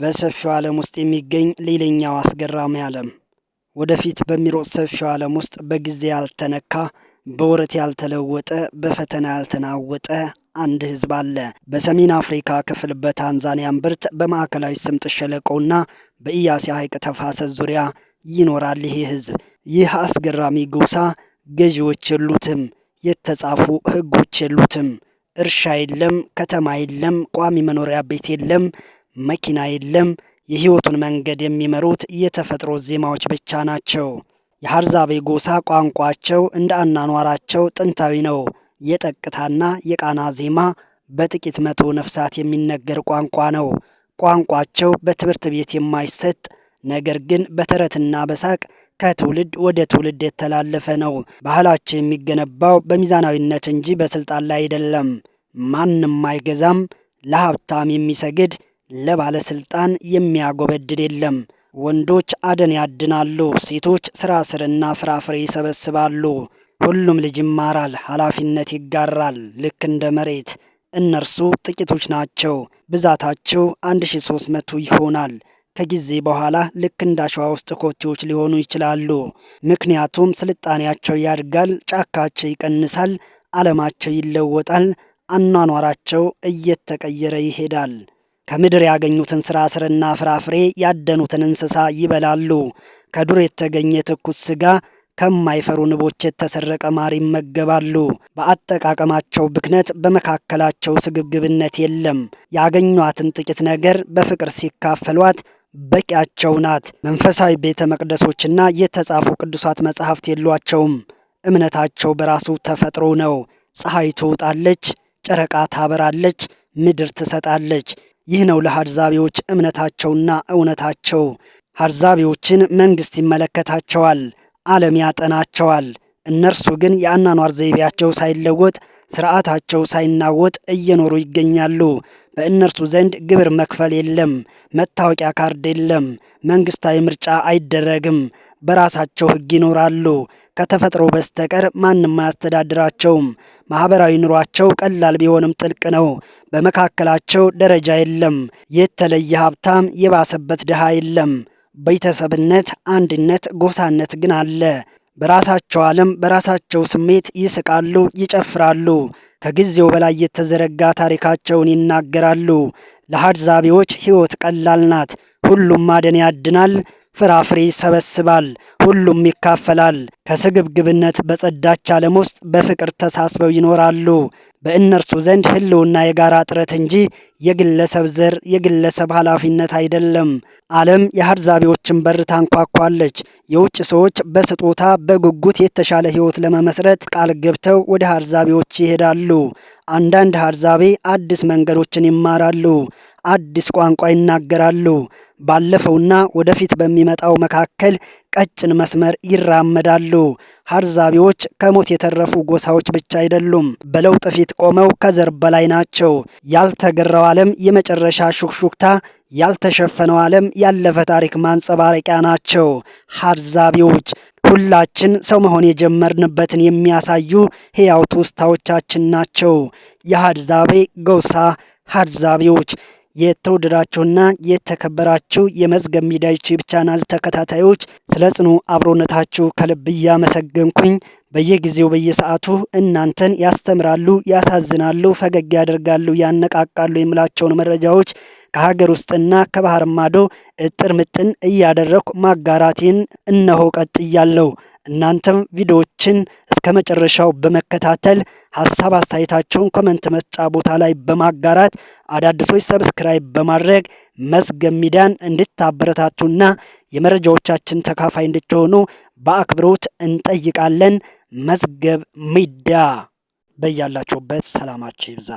በሰፊው ዓለም ውስጥ የሚገኝ ሌላኛው አስገራሚ ዓለም ወደፊት በሚሮጥ ሰፊው ዓለም ውስጥ በጊዜ ያልተነካ በውረት ያልተለወጠ በፈተና ያልተናወጠ አንድ ህዝብ አለ። በሰሜን አፍሪካ ክፍል በታንዛኒያ እምብርት በማዕከላዊ ስምጥ ሸለቆና በኢያሴ ሐይቅ ተፋሰስ ዙሪያ ይኖራል ይህ ህዝብ። ይህ አስገራሚ ጎሳ ገዢዎች የሉትም፣ የተጻፉ ህጎች የሉትም፣ እርሻ የለም፣ ከተማ የለም፣ ቋሚ መኖሪያ ቤት የለም። መኪና የለም። የህይወቱን መንገድ የሚመሩት የተፈጥሮ ዜማዎች ብቻ ናቸው። የሀርዛቤ ጎሳ ቋንቋቸው እንደ አናኗራቸው ጥንታዊ ነው። የጠቅታና የቃና ዜማ በጥቂት መቶ ነፍሳት የሚነገር ቋንቋ ነው። ቋንቋቸው በትምህርት ቤት የማይሰጥ ነገር ግን በተረትና በሳቅ ከትውልድ ወደ ትውልድ የተላለፈ ነው። ባህላቸው የሚገነባው በሚዛናዊነት እንጂ በስልጣን ላይ አይደለም። ማንም አይገዛም። ለሀብታም የሚሰግድ ለባለስልጣን የሚያጎበድድ የለም። ወንዶች አደን ያድናሉ፣ ሴቶች ስራ ስርና ፍራፍሬ ይሰበስባሉ። ሁሉም ልጅ ይማራል፣ ኃላፊነት ይጋራል። ልክ እንደ መሬት እነርሱ ጥቂቶች ናቸው። ብዛታቸው 1300 ይሆናል። ከጊዜ በኋላ ልክ እንደ አሸዋ ውስጥ ኮቴዎች ሊሆኑ ይችላሉ። ምክንያቱም ስልጣኔያቸው ያድጋል፣ ጫካቸው ይቀንሳል፣ ዓለማቸው ይለወጣል፣ አኗኗራቸው እየተቀየረ ይሄዳል። ከምድር ያገኙትን ስራ ስርና ፍራፍሬ ያደኑትን እንስሳ ይበላሉ። ከዱር የተገኘ ትኩስ ስጋ ከማይፈሩ ንቦች የተሰረቀ ማር ይመገባሉ። በአጠቃቀማቸው ብክነት በመካከላቸው ስግብግብነት የለም። ያገኟትን ጥቂት ነገር በፍቅር ሲካፈሏት በቂያቸው ናት። መንፈሳዊ ቤተ መቅደሶችና የተጻፉ ቅዱሳት መጻሕፍት የሏቸውም። እምነታቸው በራሱ ተፈጥሮ ነው። ፀሐይ ትውጣለች፣ ጨረቃ ታበራለች፣ ምድር ትሰጣለች። ይህ ነው ለሀድዛቤዎች እምነታቸውና እውነታቸው። ሀድዛቤዎችን መንግስት ይመለከታቸዋል፣ ዓለም ያጠናቸዋል። እነርሱ ግን የአናኗር ዘይቤያቸው ሳይለወጥ ስርዓታቸው ሳይናወጥ እየኖሩ ይገኛሉ። በእነርሱ ዘንድ ግብር መክፈል የለም፣ መታወቂያ ካርድ የለም፣ መንግስታዊ ምርጫ አይደረግም፣ በራሳቸው ህግ ይኖራሉ። ከተፈጥሮ በስተቀር ማንም አያስተዳድራቸውም። ማህበራዊ ኑሯቸው ቀላል ቢሆንም ጥልቅ ነው። በመካከላቸው ደረጃ የለም። የተለየ ሀብታም የባሰበት ድሃ የለም። ቤተሰብነት፣ አንድነት፣ ጎሳነት ግን አለ። በራሳቸው ዓለም በራሳቸው ስሜት ይስቃሉ፣ ይጨፍራሉ። ከጊዜው በላይ የተዘረጋ ታሪካቸውን ይናገራሉ። ለሀድዛቢዎች ሕይወት ቀላል ናት። ሁሉም ማደን ያድናል ፍራፍሬ ይሰበስባል፣ ሁሉም ይካፈላል። ከስግብግብነት በጸዳች ዓለም ውስጥ በፍቅር ተሳስበው ይኖራሉ። በእነርሱ ዘንድ ህልውና የጋራ ጥረት እንጂ የግለሰብ ዘር፣ የግለሰብ ኃላፊነት አይደለም። ዓለም የአሕዛብዎችን በር ታንኳኳለች። የውጭ ሰዎች በስጦታ በጉጉት የተሻለ ሕይወት ለመመስረት ቃል ገብተው ወደ አሕዛብዎች ይሄዳሉ። አንዳንድ አርዛቤ አዲስ መንገዶችን ይማራሉ። አዲስ ቋንቋ ይናገራሉ። ባለፈውና ወደፊት በሚመጣው መካከል ቀጭን መስመር ይራመዳሉ። ሀርዛቢዎች ከሞት የተረፉ ጎሳዎች ብቻ አይደሉም፤ በለውጥ ፊት ቆመው ከዘር በላይ ናቸው። ያልተገራው ዓለም የመጨረሻ ሹክሹክታ፣ ያልተሸፈነው ዓለም ያለፈ ታሪክ ማንጸባረቂያ ናቸው። ሀርዛቢዎች ሁላችን ሰው መሆን የጀመርንበትን የሚያሳዩ ሕያው ትውስታዎቻችን ናቸው። የሀድዛቤ ጎሳ ሀድዛቢዎች የተወደዳችሁና የተከበራችሁ የመዝገብ ሚዲያ ዩቲዩብ ቻናል ተከታታዮች ስለ ጽኑ አብሮነታችሁ ከልብ እያመሰገንኩኝ በየጊዜው በየሰዓቱ እናንተን ያስተምራሉ፣ ያሳዝናሉ፣ ፈገግ ያደርጋሉ፣ ያነቃቃሉ የምላቸውን መረጃዎች ከሀገር ውስጥና ከባህር ማዶ እጥር ምጥን እያደረኩ ማጋራቴን እነሆ ቀጥያለሁ። እናንተም ቪዲዮዎችን እስከ መጨረሻው በመከታተል ሀሳብ አስተያየታቸውን ኮመንት መስጫ ቦታ ላይ በማጋራት አዳዲሶች ሰብስክራይብ በማድረግ መዝገብ ሚዲያን እንድታበረታቱና የመረጃዎቻችን ተካፋይ እንድትሆኑ በአክብሮት እንጠይቃለን። መዝገብ ሚዲያ በያላችሁበት ሰላማችሁ ይብዛ።